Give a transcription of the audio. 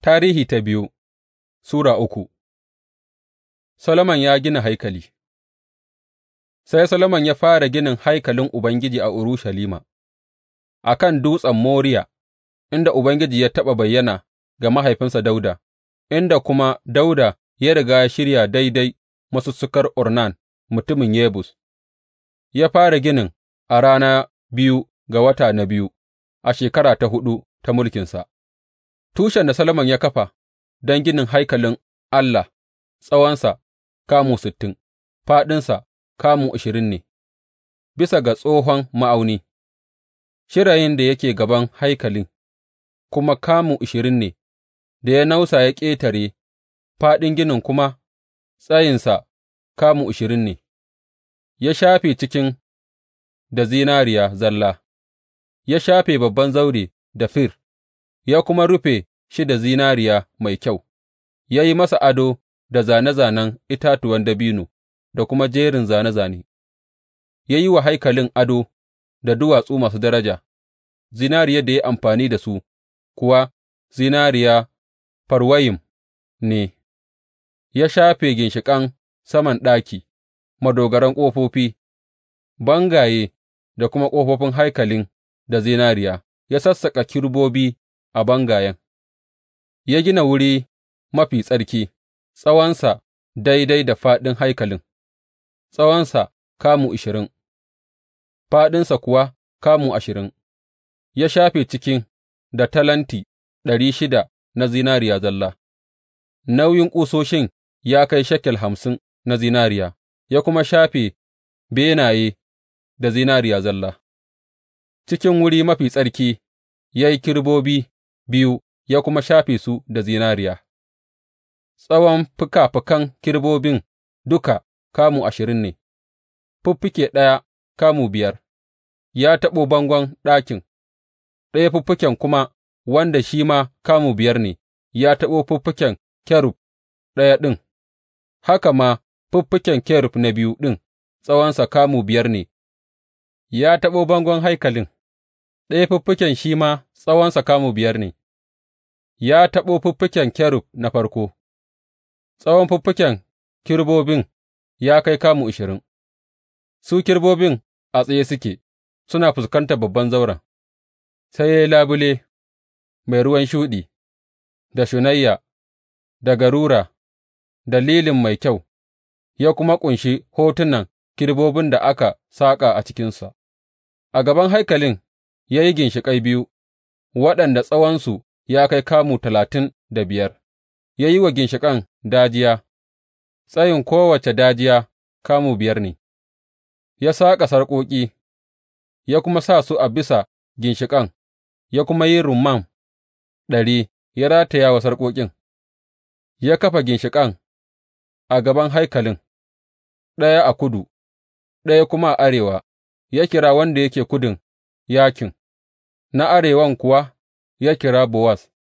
Tarihi ta biyu Sura uku Solomon ya gina haikali Sai Solomon ya fara ginin haikalin Ubangiji a Urushalima, a kan dutsen Moriya, inda Ubangiji ya taɓa bayyana ga mahaifinsa Dauda, inda kuma Dauda ya riga ya shirya daidai masussukar Ornan mutumin Yebus, ya fara ginin a rana biyu ga wata na biyu, a shekara ta huɗu ta mulkinsa. Tushen da Solomon ya kafa don ginin haikalin Allah tsawonsa kamu sittin, fāɗinsa kamu ashirin ne, bisa ga tsohon ma'auni, shirayin da yake gaban haikalin kuma kamu ashirin ne, da ya nausa ya ƙetare, fāɗin ginin kuma tsayinsa kamu ashirin ne, ya shafe cikin da zinariya zalla, ya shafe babban zaure da fir, ya kuma rufe shi da zinariya mai kyau, ya yi masa ado da zane-zanen itatuwan dabino da kuma jerin zane-zane. ya yi wa haikalin ado da duwatsu masu daraja, Zinariya da ya yi amfani da su kuwa zinariya Farwayim ne, ya shafe ginshiƙan saman ɗaki, madogaran ƙofofi, bangaye da kuma ƙofofin haikalin da zinariya, ya sassaƙa kerubobi a bangayen. ya gina Wuri Mafi Tsarki, tsawonsa daidai da fāɗin haikalin, tsawonsa kamu ashirin, fāɗinsa kuwa kamu ashirin, ya shafe cikin da talenti ɗari shida na zinariya zalla, nauyin ƙusoshin ya kai shekel hamsin na zinariya, ya kuma shafe benaye da zinariya zalla. Cikin Wuri Mafi Tsarki ya yi kirbobi biyu. ya kuma shafe su da zinariya, tsawon fikafikan kerubobin duka kamu ashirin ne, fiffike ɗaya kamu biyar, ya taɓo bangon ɗakin, ɗaya fiffiken kuma wanda shi ma kamu biyar ne, ya taɓo fiffiken kerub ɗaya ɗin, haka ma fiffiken kerub na biyu ɗin tsawonsa kamu biyar ne, ya taɓo bangon haikalin, ɗaya fiffiken shi ma tsawonsa kamu biyar ne. ya taɓo fiffiken kerub na farko, tsawon fiffiken kerubobin ya kai kamu ashirin, su kerubobin a tsaye suke suna fuskantar babban zauren, sai ya yi labule mai ruwan shuɗi, da shunayya, da garura, da lilin mai kyau, ya kuma ƙunshi hotunan kerubobin da aka saƙa a cikinsa. A gaban haikalin ya yi ginshiƙai biyu waɗanda tsawonsu ya kai kamu talatin da biyar, ya yi wa ginshiƙan dajiya, tsayin kowace dajiya kamu biyar ne, ya saƙa sarƙoƙi, ya kuma sa su a bisa ginshiƙan, ya kuma yi rumman ɗari ya rataya wa sarƙoƙin, ya kafa ginshiƙan a gaban haikalin, ɗaya a kudu, ɗaya kuma a arewa, ya kira wanda yake kudin yakin, na arewan kuwa ya kira Bowaz.